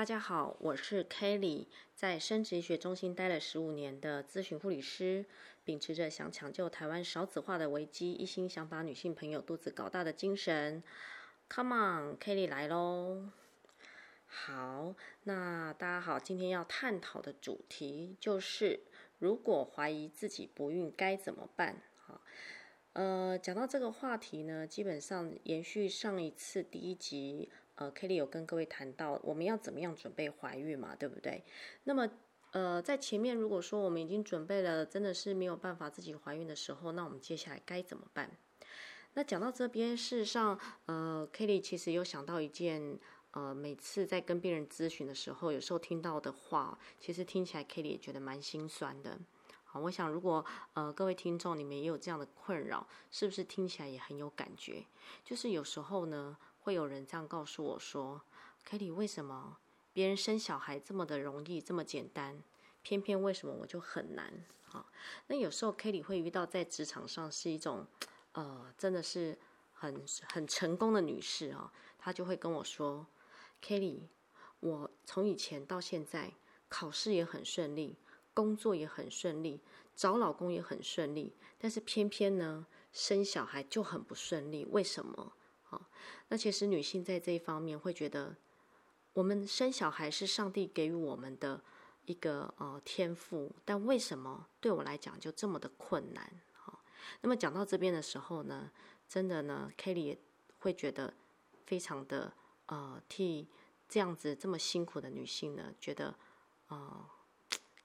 大家好，我是 Kelly，在生殖醫學中心待了十五年的諮詢護理師，秉持着想搶救台灣少子化的危機，一心想把女性朋友肚子搞大的精神。Come on，Kelly 來嘍！好，那大家好，今天要探討的主題就是，如果懷疑自己不孕該怎麼辦？好，呃，講到這個話題呢，基本上延續上一次第一集。呃，Kelly 有跟各位談到我們要怎麼樣準備懷孕嘛，對不對？那麼，呃，在前面如果說我們已經準備了，真的是沒有辦法自己懷孕的時候，那我們接下來該怎麼辦？那講到這邊，事實上，呃，Kelly 其實有想到一件，呃，每次在跟病人諮詢的時候，有時候聽到的話，其實聽起來 Kelly 也覺得蠻心酸的。啊，我想如果呃各位聽眾你們也有這樣的困擾，是不是聽起來也很有感覺？就是有時候呢，會有人這樣告訴我說：“Kelly，為什麼別人生小孩這麼的容易，這麼簡單，偏偏為什麼我就很難啊？”哦，那有時候 Kelly 會遇到在職場上是一種，呃，真的是很很成功的女士啊，她就會跟我說：“Kelly，我從以前到現在，考試也很順利，工作也很順利，找老公也很順利，但是偏偏呢，生小孩就很不順利，為什麼？”好，那其實女性在這一方面會覺得，我們生小孩是上帝給予我們的一個呃天賦，但為什麼對我來講就這麼的困難？好，那麼講到這邊的時候呢，真的呢，Kelly 也會覺得非常的呃替這樣子這麼辛苦的女性呢，覺得呃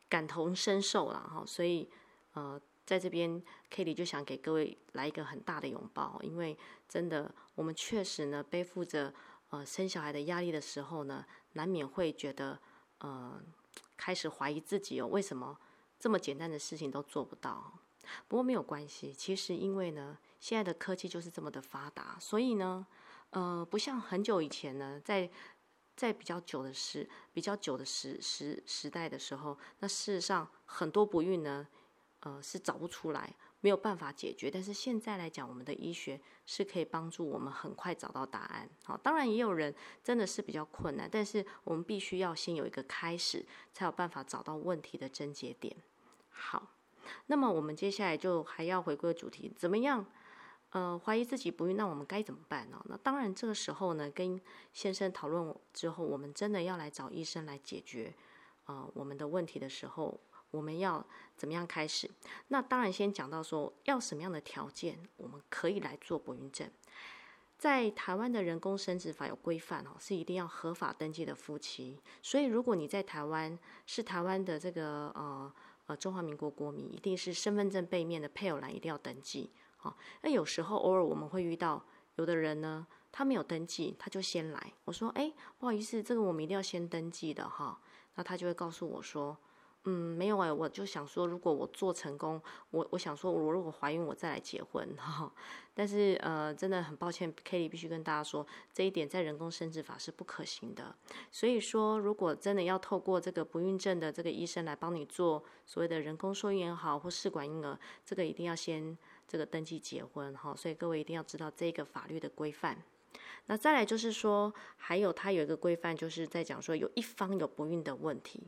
感同身受了哈，所以呃。在這邊 Kelly 就想給各位來一個很大的擁抱，因為真的，我們確實呢背負着呃生小孩的壓力的時候呢，難免會覺得呃開始懷疑自己哦，為什麼這麼簡單的事情都做不到？不過沒有關係，其實因為呢，現在的科技就是這麼的發達，所以呢，呃，不像很久以前呢，在在比較久的時比較久的時時時代的時候，那事實上很多不孕呢。呃，是找不出來，沒有辦法解決。但是現在來講，我們的醫學是可以幫助我們很快找到答案。好，當然也有人真的是比較困難，但是我們必須要先有一個開始，才有辦法找到問題的症結點。好，那麼我們接下來就還要回歸主題，怎麼樣？呃，懷疑自己不孕，那我們該怎麼辦呢？那當然這個時候呢，跟先生討論之後，我們真的要來找醫生來解決啊、呃，我們的問題的時候。我們要怎麼樣開始？那當然先講到說要什麼樣的條件，我們可以來做不孕症。在台灣的人工生殖法有規範哦，是一定要合法登記的夫妻。所以如果你在台灣是台灣的這個呃呃中華民國國民，一定是身份證背面的配偶欄一定要登記哦。那有時候偶爾我們會遇到有的人呢，他沒有登記，他就先來。我說哎，不好意思，這個我們一定要先登記的哈哦。那他就會告訴我說。嗯，沒有哎、欸，我就想說，如果我做成功，我我想說，我如果懷孕，我再來結婚哈。但是呃，真的很抱歉，Kitty 必須跟大家說，這一點在人工生殖法是不可行的。所以說，如果真的要透過這個不孕症的這個醫生來幫你做所謂的人工受孕也好，或試管嬰兒，這個一定要先這個登記結婚哈。所以各位一定要知道這個法律的規範。那再來就是說，還有它有一個規範，就是在講說，有一方有不孕的問題。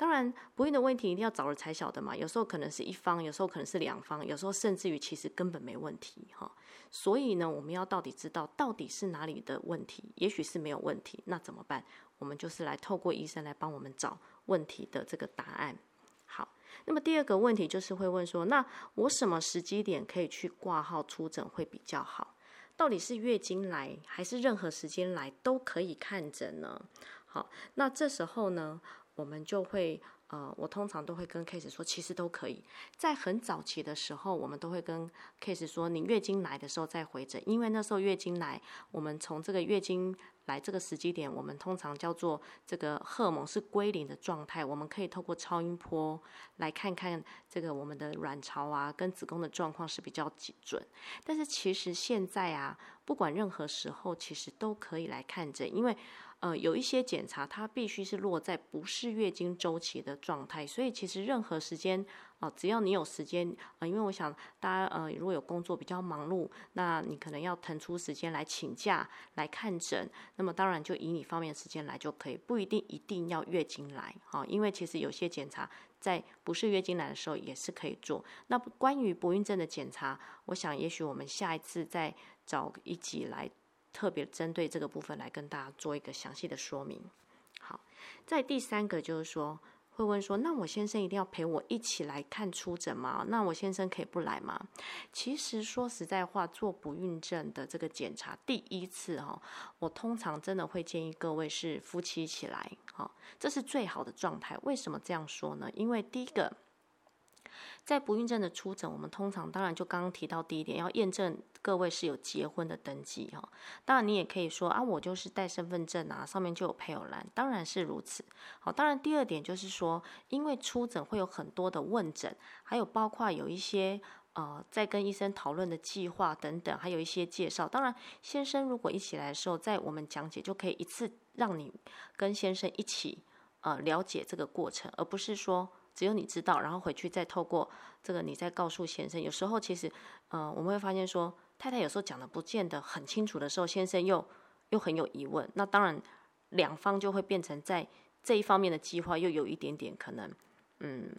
當然，不孕的問題一定要找了才曉得嘛。有時候可能是一方，有時候可能是兩方，有時候甚至於其實根本沒問題哈、哦。所以呢，我們要到底知道到底是哪裡的問題，也許是沒有問題，那怎麼辦？我們就是來透過醫生來幫我們找問題的這個答案。好，那麼第二個問題就是會問說，那我什麼時機點可以去掛號初診會比較好？到底是月經來還是任何時間來都可以看診呢？好，那這時候呢？我們就會，呃，我通常都會跟 case 說，其實都可以。在很早期的時候，我們都會跟 case 說，你月經來的時候再回診，因為那時候月經來，我們從這個月經來這個時機點，我們通常叫做這個荷爾蒙是歸零的狀態，我們可以透過超音波來看看這個我們的卵巢啊跟子宮的狀況是比較準。但是其實現在啊，不管任何時候，其實都可以來看診，因為。呃，有一些檢查，它必須是落在不是月經週期的狀態，所以其實任何時間啊、呃，只要你有時間啊、呃，因為我想大家呃，如果有工作比較忙碌，那你可能要騰出時間來請假來看診，那麼當然就以你方便的時間來就可以，不一定一定要月經來啊、呃，因為其實有些檢查在不是月經來的時候也是可以做。那關於不孕症的檢查，我想也許我們下一次再找一集來。特別針對這個部分來跟大家做一個詳細的說明。好，在第三個就是說，會問說，那我先生一定要陪我一起來看初診嗎？那我先生可以不來嗎？其實說實在話，做不孕症的這個檢查，第一次哈、哦，我通常真的會建議各位是夫妻一起來，哈、哦，這是最好的狀態。為什麼這樣說呢？因為第一個。在不孕症的初診，我們通常當然就剛剛提到第一點，要驗證各位是有結婚的登記哈。當然你也可以說啊，我就是帶身份證啊，上面就有配偶欄，當然是如此。好，當然第二點就是說，因為初診會有很多的問診，還有包括有一些呃在跟醫生討論的計劃等等，還有一些介紹。當然，先生如果一起來的時候，在我們講解就可以一次讓你跟先生一起呃了解這個過程，而不是說。只有你知道，然後回去再透過這個，你再告訴先生。有時候其實，呃，我們會發現說，太太有時候講的不見得很清楚的時候，先生又又很有疑問。那當然，兩方就會變成在這一方面的計劃又有一點點可能，嗯，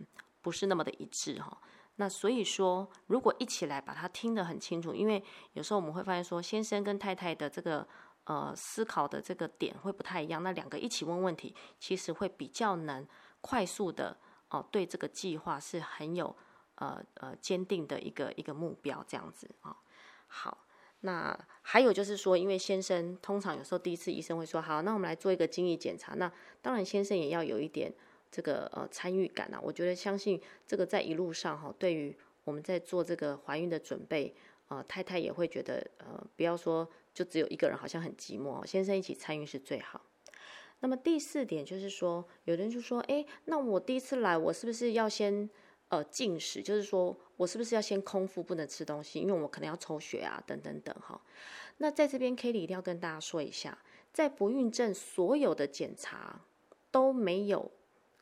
不是那麼的一致哈、哦。那所以說，如果一起來把它聽得很清楚，因為有時候我們會發現說，先生跟太太的這個呃思考的這個點會不太一樣。那兩個一起問問題，其實會比較難快速的。哦，對這個計劃是很有，呃呃，堅定的一個一個目標這樣子啊、哦。好，那還有就是說，因為先生通常有時候第一次醫生會說，好，那我們來做一個精液檢查。那當然先生也要有一點這個呃參與感吶、啊。我覺得相信這個在一路上哈、哦，對於我們在做這個懷孕的準備呃，太太也會覺得呃，不要說就只有一個人好像很寂寞哦，先生一起參與是最好。那麼第四點就是說，有人就說，哎，那我第一次來，我是不是要先呃禁食？就是說我是不是要先空腹，不能吃東西，因為我可能要抽血啊，等等等哈、哦。那在這邊 K 裡一定要跟大家說一下，在不孕症所有的檢查都沒有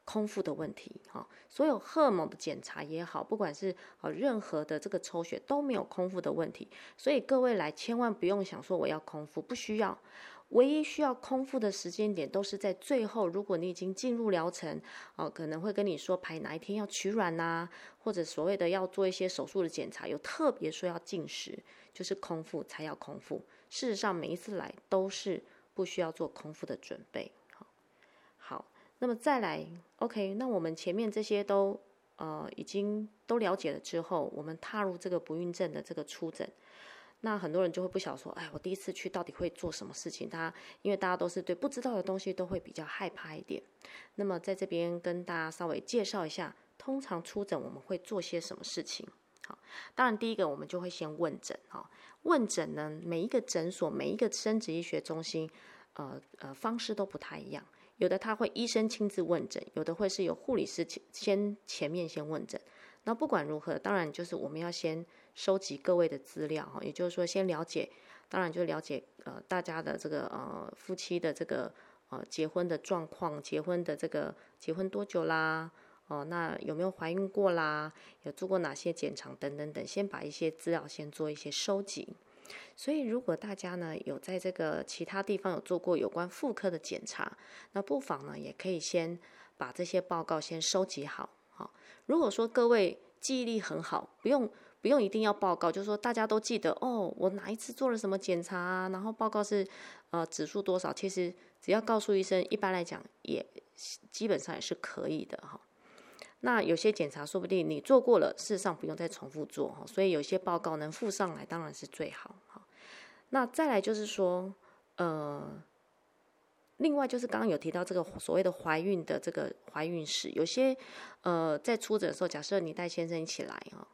空腹的問題哈、哦，所有荷爾蒙的檢查也好，不管是呃任何的這個抽血都沒有空腹的問題，所以各位來千萬不用想說我要空腹，不需要。唯一需要空腹的時間點都是在最後，如果你已經進入療程，哦、呃，可能會跟你說排哪一天要取卵吶、啊，或者所謂的要做一些手術的檢查，有特別說要禁食，就是空腹才要空腹。事實上，每一次來都是不需要做空腹的準備。好，好，那麼再來，OK，那我們前面這些都呃已經都了解了之後，我們踏入這個不孕症的這個初診。那很多人就會不曉得說，哎，我第一次去到底會做什麼事情？大家因為大家都是對不知道的東西都會比較害怕一點。那麼在這邊跟大家稍微介紹一下，通常初診我們會做些什麼事情？好，當然第一個我們就會先問診哈、哦，問診呢，每一個診所、每一個生殖醫學中心，呃呃方式都不太一樣。有的他會醫生親自問診，有的會是由護理師前先前面先問診。那不管如何，當然就是我們要先。收集各位的資料哈，也就是說，先了解，當然就了解呃大家的這個呃夫妻的這個呃結婚的狀況，結婚的這個結婚多久啦？哦、呃，那有沒有懷孕過啦？有做過哪些檢查等等等，先把一些資料先做一些收集。所以，如果大家呢有在這個其他地方有做過有關婦科的檢查，那不妨呢也可以先把這些報告先收集好。哈、哦，如果說各位記憶力很好，不用。不用一定要報告，就是說大家都記得哦，我哪一次做了什麼檢查啊，然後報告是，呃，指數多少？其實只要告訴醫生，一般來講也基本上也是可以的哈、哦。那有些檢查說不定你做過了，事實上不用再重複做哈、哦。所以有些報告能附上來當然是最好哈、哦。那再來就是說，呃，另外就是剛剛有提到這個所謂的懷孕的這個懷孕史，有些呃在初診的時候，假設你帶先生一起來哈。哦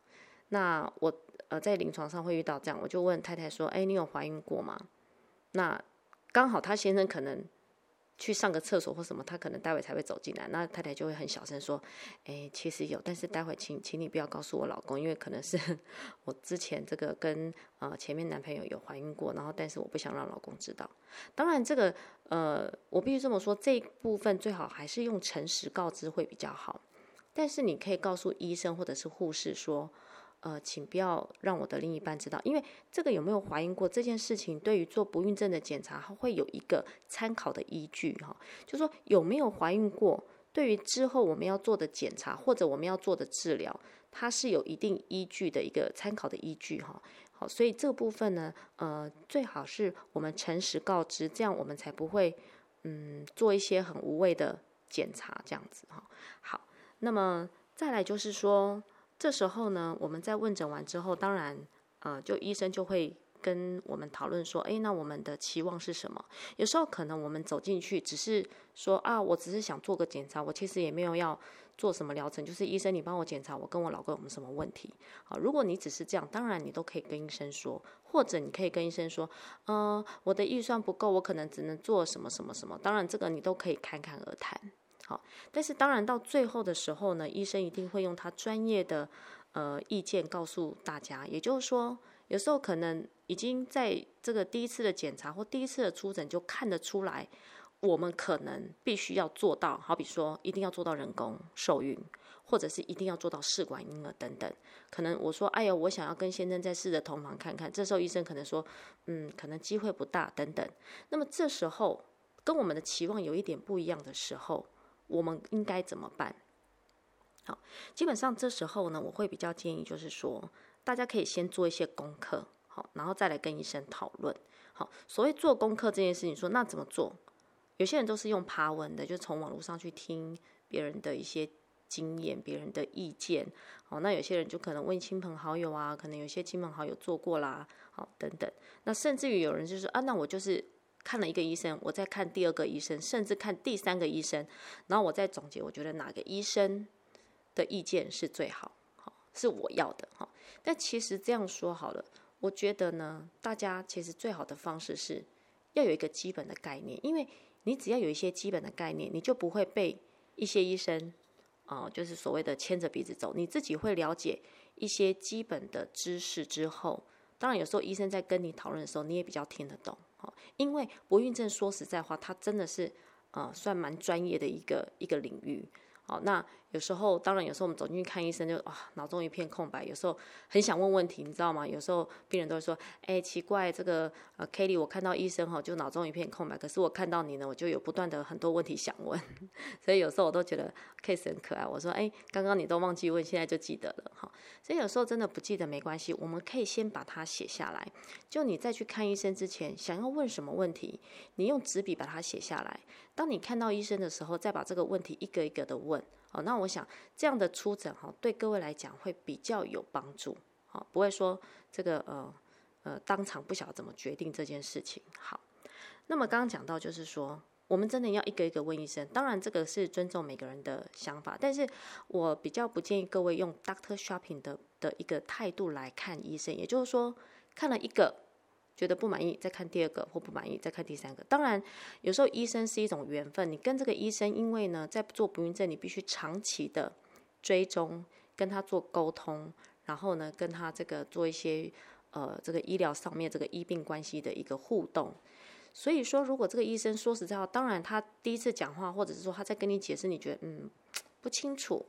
那我呃在臨床上會遇到這樣，我就問太太說：“哎，你有懷孕過嗎？”那剛好她先生可能去上個廁所或什麼，她可能待會才會走進來。那太太就會很小聲說：“哎，其實有，但是待會請請你不要告訴我老公，因為可能是我之前這個跟呃前面男朋友有懷孕過，然後但是我不想讓老公知道。當然，這個呃我必須這麼說，這部分最好還是用誠實告知會比較好。但是你可以告訴醫生或者是護士說。”呃，請不要讓我的另一半知道，因為這個有沒有懷孕過這件事情，對於做不孕症的檢查，它會有一個參考的依據哈、哦。就說有沒有懷孕過，對於之後我們要做的檢查或者我們要做的治療，它是有一定依據的一個參考的依據哈。好、哦，所以這部分呢，呃，最好是我們誠實告知，這樣我們才不會嗯做一些很無謂的檢查這樣子哈、哦。好，那麼再來就是說。這時候呢，我們在問診完之後，當然，啊、呃，就醫生就會跟我們討論說，哎，那我們的期望是什麼？有時候可能我們走進去只是說啊，我只是想做個檢查，我其實也沒有要做什麼療程，就是醫生你幫我檢查，我跟我老公有什麼問題啊？如果你只是這樣，當然你都可以跟醫生說，或者你可以跟醫生說，呃，我的預算不夠，我可能只能做什麼什麼什麼。當然這個你都可以侃侃而談。好，但是當然到最後的時候呢，醫生一定會用他專業的，呃，意見告訴大家。也就是說，有時候可能已經在這個第一次的檢查或第一次的初診就看得出來，我們可能必須要做到，好比說一定要做到人工受孕，或者是一定要做到試管嬰兒等等。可能我說哎呀，我想要跟先生再試着同房看看，這時候醫生可能說，嗯，可能機會不大等等。那麼這時候跟我們的期望有一點不一樣的時候。我們應該怎麼辦？好，基本上這時候呢，我會比較建議就是說，大家可以先做一些功課，好，然後再來跟醫生討論。好，所謂做功課這件事情說，說那怎麼做？有些人都是用爬文的，就從網絡上去聽別人的一些經驗、別人的意見。好，那有些人就可能問親朋好友啊，可能有些親朋好友做過啦，好，等等。那甚至於有人就說啊，那我就是。看了一個醫生，我再看第二個醫生，甚至看第三個醫生，然後我再總結，我覺得哪個醫生的意見是最好，是我要的。但其實這樣說好了，我覺得呢，大家其實最好的方式是要有一個基本的概念，因為你只要有一些基本的概念，你就不會被一些醫生啊、呃，就是所謂的牽着鼻子走。你自己會了解一些基本的知識之後，當然有時候醫生在跟你討論的時候，你也比較聽得懂。因為不孕症，說實在話，它真的是，呃，算蠻專業的一個一個領域。好，那。有時候，當然有時候我們走進去看醫生就，就啊腦中一片空白。有時候很想問問題，你知道嗎？有時候病人都會說：“哎、欸，奇怪，這個呃 Kelly 我看到醫生哈、哦，就腦中一片空白。可是我看到你呢，我就有不斷的很多問題想問。 所以有時候我都覺得 Case 很可愛。我說：“哎、欸，剛剛你都忘記問，現在就記得了哈。哦”所以有時候真的不記得沒關係，我們可以先把它寫下來。就你在去看醫生之前，想要問什麼問題，你用紙筆把它寫下來。當你看到醫生的時候，再把這個問題一個一個的問。哦，那我。我想這樣的初診哈，對各位來講會比較有幫助，不會說這個呃、呃當場不曉得怎麼決定這件事情。好，那麼剛剛講到就是說，我們真的要一個一個問醫生。當然這個是尊重每個人的想法，但是我比較不建議各位用 Doctor Shopping 的、的一個態度來看醫生，也就是說看了一個。覺得不滿意，再看第二個；或不滿意，再看第三個。當然，有時候醫生是一種緣分。你跟這個醫生，因為呢，在做不孕症，你必須長期的追蹤，跟他做溝通，然後呢，跟他這個做一些，呃，這個醫療上面這個醫病關係的一個互動。所以說，如果這個醫生說實在話，當然他第一次講話，或者是說他在跟你解釋，你覺得，嗯，不清楚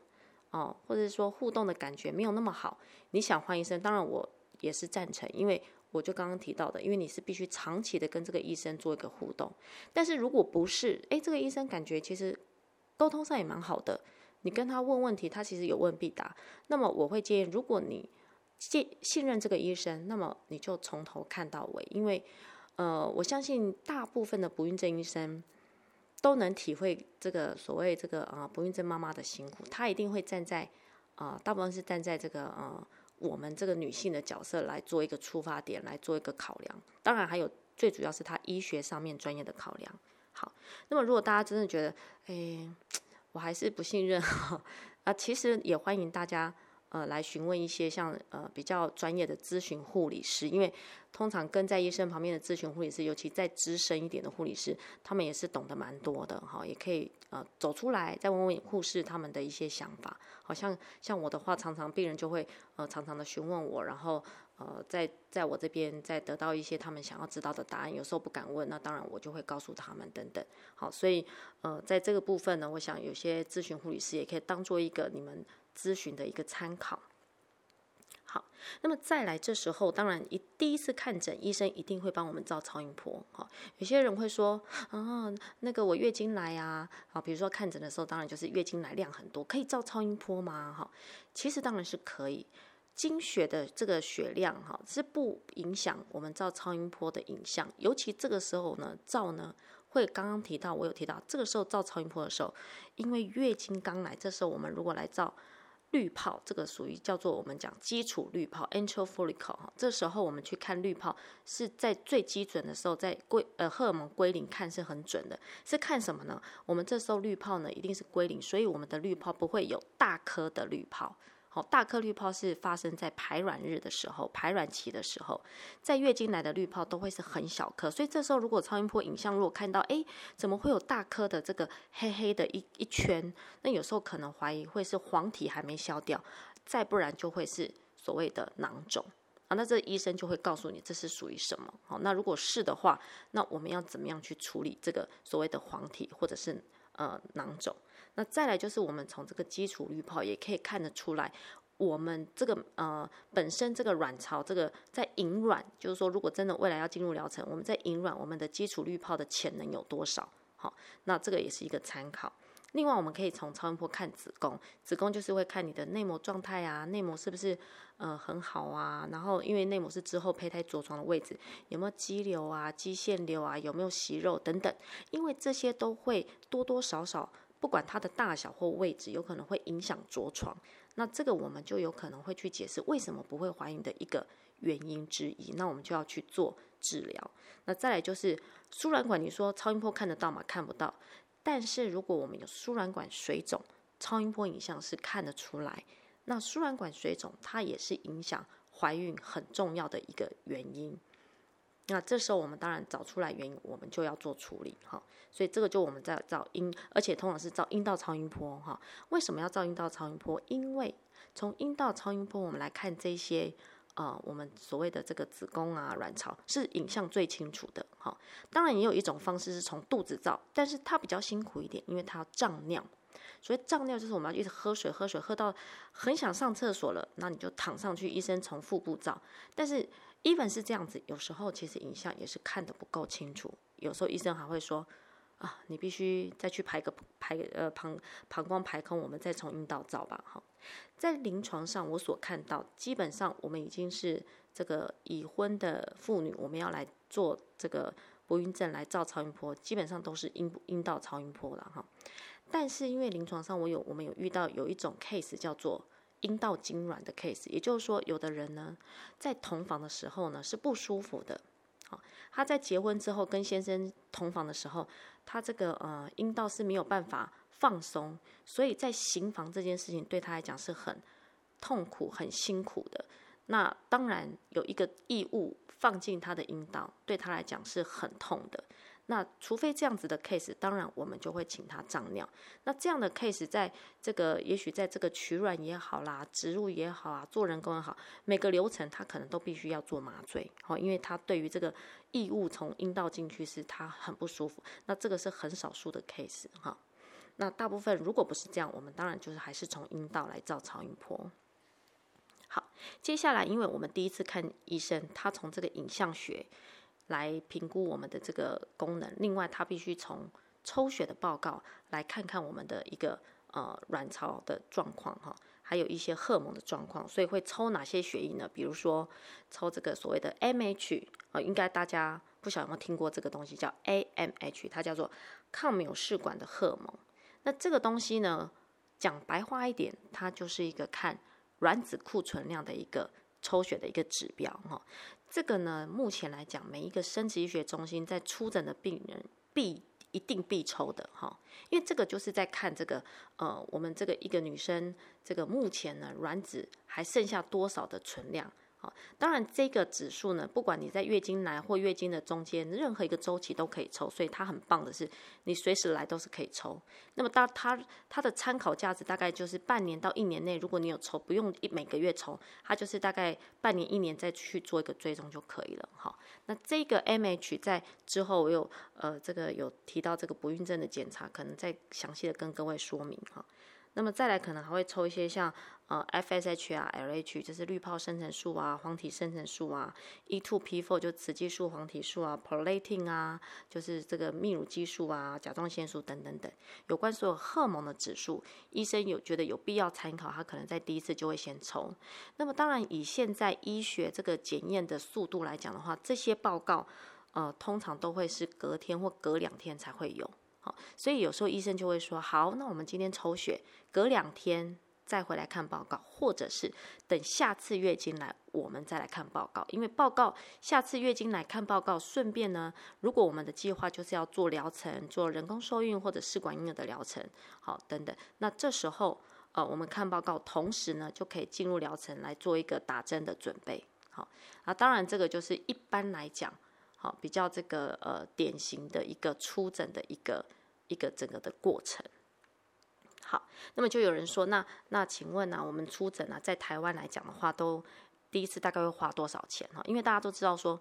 哦，或者是說互動的感覺沒有那麼好，你想換醫生，當然我也是贊成，因為。我就剛剛提到的，因為你是必須長期的跟這個醫生做一個互動，但是如果不是，誒，這個醫生感覺其實溝通上也蠻好的，你跟他問問題，他其實有問必答。那麼我會建議，如果你信信任這個醫生，那麼你就從頭看到尾，因為，呃，我相信大部分的不孕症醫生都能體會這個所謂這個啊、呃、不孕症媽媽的辛苦，他一定會站在啊、呃，大部分是站在這個啊。呃我們這個女性的角色來做一個出發點，來做一個考量。當然，還有最主要是她醫學上面專業的考量。好，那麼如果大家真的覺得，哎，我還是不信任哈、哦，啊，其實也歡迎大家。呃，來詢問一些像呃比較專業的諮詢護理師，因為通常跟在醫生旁邊的諮詢護理師，尤其在資深一點的護理師，他們也是懂得蠻多的哈，也可以呃走出來再問問護士他們的一些想法。好像像我的話，常常病人就會呃常常的詢問我，然後呃在在我這邊再得到一些他們想要知道的答案。有時候不敢問，那當然我就會告訴他們等等。好，所以呃在這個部分呢，我想有些諮詢護理師也可以當做一個你們。諮詢的一個參考。好，那麼再來這時候，當然一第一次看診，醫生一定會幫我們照超音波。哈、哦，有些人會說，啊、哦，那個我月經來呀、啊，啊、哦，比如說看診的時候，當然就是月經來量很多，可以照超音波嗎？哈、哦，其實當然是可以。經血的這個血量，哈、哦，是不影響我們照超音波的影像。尤其這個時候呢，照呢，會剛剛提到，我有提到，這個時候照超音波的時候，因為月經剛來，這時候我們如果來照，濾泡這個屬於叫做我們講基礎濾泡 （antral f o l i c l e 這時候我們去看濾泡是在最基準的時候，在歸呃荷爾蒙歸零看是很準的，是看什麼呢？我們這時候濾泡呢一定是歸零，所以我們的濾泡不會有大顆的濾泡。大顆卵泡是發生在排卵日的時候、排卵期的時候，在月經來的卵泡都會是很小顆，所以這時候如果超音波影像如果看到，哎，怎麼會有大顆的這個黑黑的一一圈？那有時候可能懷疑會是黃體還沒消掉，再不然就會是所謂的囊腫啊。那這醫生就會告訴你這是屬於什麼？好，啊，那如果是的話，那我們要怎麼樣去處理這個所謂的黃體或者是呃囊腫？那再來就是我們從這個基礎濾泡也可以看得出來，我們這個呃本身這個卵巢這個在引卵，就是說如果真的未來要進入療程，我們在引卵我們的基礎濾泡的潛能有多少？好，那這個也是一個參考。另外我們可以從超音波看子宮，子宮就是會看你的內膜狀態啊，內膜是不是嗯、呃、很好啊？然後因為內膜是之後胚胎着床的位置，有沒有肌瘤啊、肌腺瘤啊、有沒有息肉等等？因為這些都會多多少少。不管它的大小或位置，有可能會影響着床，那這個我們就有可能會去解釋為什麼不會懷孕的一個原因之一。那我們就要去做治療。那再來就是輸卵管，你說超音波看得到嗎？看不到。但是如果我們有輸卵管水腫，超音波影像是看得出來。那輸卵管水腫它也是影響懷孕很重要的一個原因。那這時候我們當然找出來原因，我們就要做處理哈。所以這個就我們在照陰，而且通常是照陰道超音波哈。為什麼要照陰道超音波？因為從陰道超音波我們來看這些啊、呃，我們所謂的這個子宮啊、卵巢是影像最清楚的哈。當然也有一種方式是從肚子照，但是它比較辛苦一點，因為它要脹尿。所以脹尿就是我們要一直喝水，喝水喝到很想上廁所了，那你就躺上去，醫生從腹部照，但是。即便是這樣子，有時候其實影像也是看得不夠清楚，有時候醫生還會說，啊，你必須再去排個排個排個呃膀膀胱排空，我們再從陰道照吧。哈，在臨床上我所看到，基本上我們已經是這個已婚的婦女，我們要來做這個不孕症來照超音波，基本上都是陰陰道超音波了哈。但是因為臨床上我有我們有遇到有一種 case 叫做。陰道痙攣的 case，也就是說，有的人呢，在同房的時候呢是不舒服的，好、哦，他在結婚之後跟先生同房的時候，他這個呃陰道是沒有辦法放鬆，所以在行房這件事情對他來講是很痛苦、很辛苦的。那當然有一個異物放進他的陰道，對他來講是很痛的。那除非這樣子的 case，當然我們就會請他脹尿。那這樣的 case，在這個也許在這個取卵也好啦，植入也好啊，做人工也好，每個流程他可能都必須要做麻醉，哦，因為他對於這個異物從陰道進去是他很不舒服。那這個是很少數的 case 哈，哦。那大部分如果不是這樣，我們當然就是還是從陰道來照超音波。好，接下來因為我們第一次看醫生，他從這個影像學。來評估我們的這個功能，另外它必須從抽血的報告來看看我們的一個呃卵巢的狀況哈、哦，還有一些荷爾蒙的狀況，所以會抽哪些血液呢？比如說抽這個所謂的 m h 啊、哦，應該大家不曉得有沒有聽過這個東西叫 AMH，它叫做抗繆氏管的荷爾蒙。那這個東西呢，講白話一點，它就是一個看卵子庫存量的一個抽血的一個指標哈。哦這個呢，目前來講，每一個生殖醫學中心在初診的病人必一定必抽的哈、哦，因為這個就是在看這個，呃，我們這個一個女生，這個目前呢，卵子還剩下多少的存量。當然，這個指數呢，不管你在月經來或月經的中間，任何一個週期都可以抽，所以它很棒的是，你隨時來都是可以抽。那麼，它它的參考價值大概就是半年到一年內，如果你有抽，不用一每個月抽，它就是大概半年一年再去做一個追蹤就可以了。哈，那這個 MH 在之後我有呃這個有提到這個不孕症的檢查，可能再詳細地跟各位說明哈。那麼再來，可能還會抽一些像。呃，FSH 啊，LH 就是濾泡生成素啊，黃體生成素啊，E2P4 就雌激素、黃體素啊，Prolating 啊，就是這個泌乳激素啊，甲狀腺素等等等，有關所有荷爾蒙的指數，醫生有覺得有必要參考，他可能在第一次就會先抽。那麼當然，以現在醫學這個檢驗的速度來講的話，這些報告，呃，通常都會是隔天或隔兩天才會有。好，哦，所以有時候醫生就會說，好，那我們今天抽血，隔兩天，再回來看報告，或者是等下次月經來，我們再來看報告。因為報告，下次月經來看報告，順便呢，如果我們的計劃就是要做療程，做人工受孕或者試管嬰兒的療程，好，等等。那這時候，呃，我們看報告，同時呢，就可以進入療程來做一個打針的準備。好，啊，當然這個就是一般來講，好，比較這個呃典型的，一個初診的一個一個整個的過程。好，那麼就有人說，那那請問呢、啊？我們初診啊，在台灣來講的話，都第一次大概會花多少錢呢？因為大家都知道說，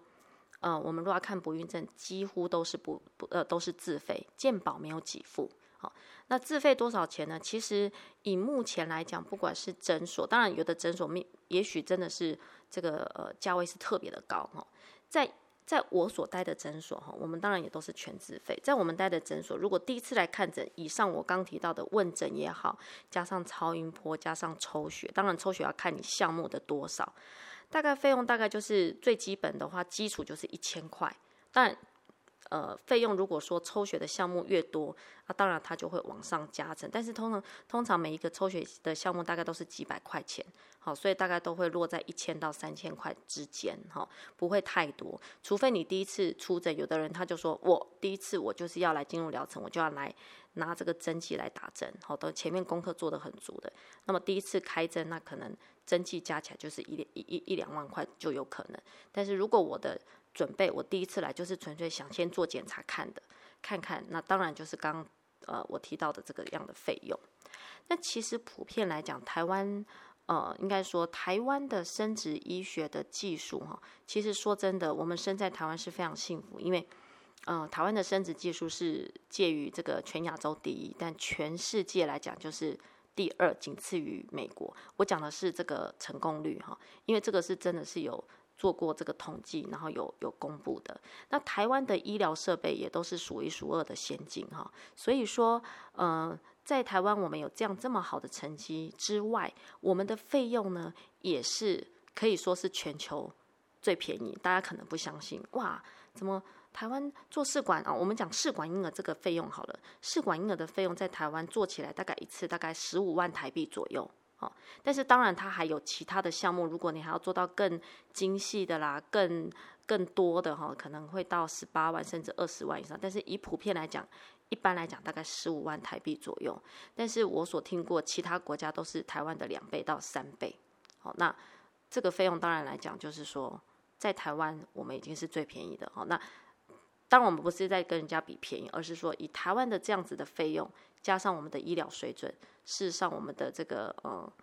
呃，我們如果要看不孕症，幾乎都是不，不呃都是自費，健保沒有給付。好，哦，那自費多少錢呢？其實以目前來講，不管是診所，當然有的診所也許真的是這個呃價位是特別的高哈，哦，在。在我所待的診所哈，我們當然也都是全自費。在我們待的診所，如果第一次來看診，以上我剛提到的問診也好，加上超音波，加上抽血，當然抽血要看你項目的多少，大概費用大概就是最基本的話，基礎就是一千塊。當然。呃，費用如果說抽血的項目越多，那、啊、當然它就會往上加成。但是通常通常每一個抽血的項目大概都是幾百塊錢，好，所以大概都會落在一千到三千塊之間，哈，不會太多。除非你第一次初診，有的人他就說我第一次我就是要來進入療程，我就要來拿這個針劑來打針，好，的，前面功課做得很足的。那麼第一次開針，那可能針劑加起來就是一一一一兩萬塊就有可能。但是如果我的準備我第一次來就是純粹想先做檢查看的，看看那，當然就是剛剛呃我提到的這個樣的費用。那其實普遍來講，台灣呃應該說台灣的生殖醫學的技術哈，其實說真的，我們身在台灣是非常幸福，因為呃台灣的生殖技術是介於這個全亞洲第一，但全世界來講就是第二，僅次於美國。我講的是這個成功率哈，因為這個是真的是有。做過這個統計，然後有有公布的。那台灣的醫療設備也都是數一數二的先進哈、哦，所以說，嗯、呃，在台灣我們有這樣這麼好的成績之外，我們的費用呢，也是可以說是全球最便宜。大家可能不相信哇？怎麼台灣做試管啊、哦？我們講試管嬰兒這個費用好了，試管嬰兒的費用在台灣做起來大概一次大概十五萬台幣左右，但是當然，它還有其他的項目。如果你還要做到更精細的啦，更更多的哈、哦，可能會到十八萬甚至二十萬以上。但是以普遍來講，一般來講大概十五萬台幣左右。但是我所聽過其他國家都是台灣的兩倍到三倍。好、哦，那這個費用當然來講就是說，在台灣我們已經是最便宜的。好、哦，那當然我們不是在跟人家比便宜，而是說以台灣的這樣子的費用加上我們的醫療水準。事實上，我們的這個呃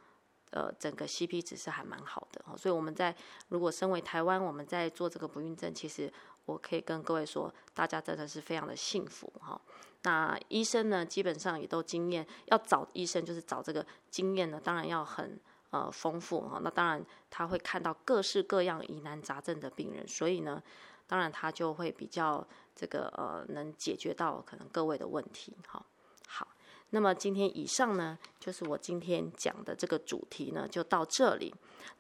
呃整個 CP 值是還蠻好的，哦，所以我們在如果身為台灣，我們在做這個不孕症，其實我可以跟各位說，大家真的是非常的幸福哈、哦。那醫生呢，基本上也都經驗，要找醫生就是找這個經驗呢，當然要很呃豐富哈、哦。那當然他會看到各式各樣疑難雜症的病人，所以呢，當然他就會比較這個呃能解決到可能各位的問題哈、哦。好。那麼今天以上呢，就是我今天講的這個主題呢，就到這裡。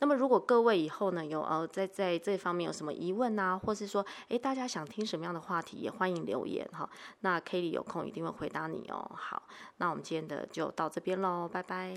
那麼如果各位以後呢有呃在在這方面有什麼疑問啊，或是說哎大家想聽什麼樣的話題，也歡迎留言哈、哦。那 Kelly 有空一定會回答你哦。好，那我們今天的就到這邊嘍，拜拜。